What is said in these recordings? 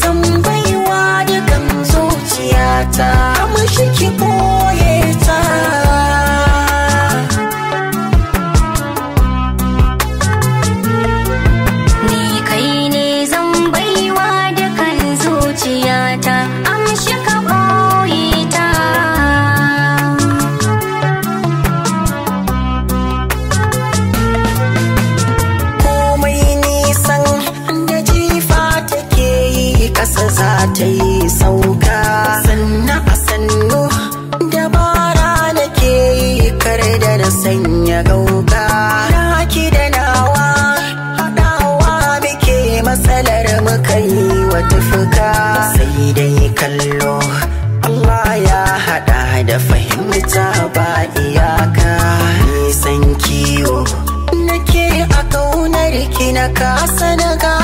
san baiwa dukan zuciyata ta yi sauka sannan a sannu dabara nake yi kar da na sanya gauka ki da nawa haɗawa muke matsalar muka yi wa tufuka sai dai kallo Allah ya haɗa da fahimta ba iyaka nisan kiwo nake a kaunar ki na kasa na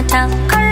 my tongue.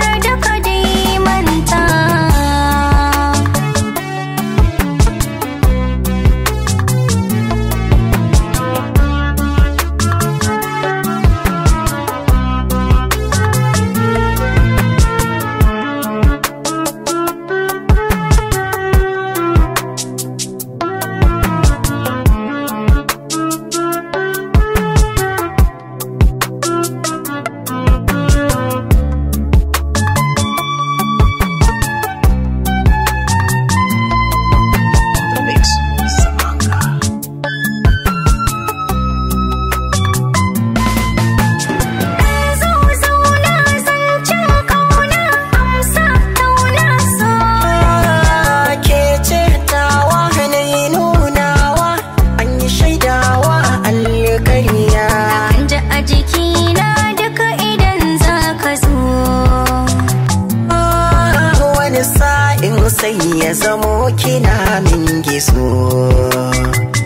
sai ya zamo kina min gizo